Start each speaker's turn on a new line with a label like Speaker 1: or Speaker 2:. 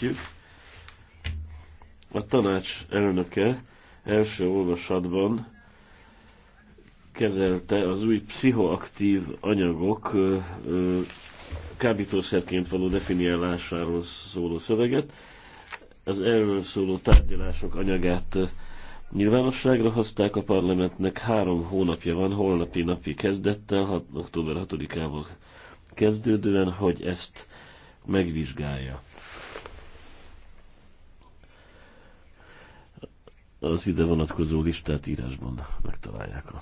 Speaker 1: látjuk, a tanács elnöke első olvasatban kezelte az új pszichoaktív anyagok kábítószerként való definiálásáról szóló szöveget. Az erről szóló tárgyalások anyagát nyilvánosságra hozták a parlamentnek. Három hónapja van, holnapi napi kezdettel, 6, október 6-ával kezdődően, hogy ezt megvizsgálja. az ide vonatkozó
Speaker 2: listát írásban megtalálják a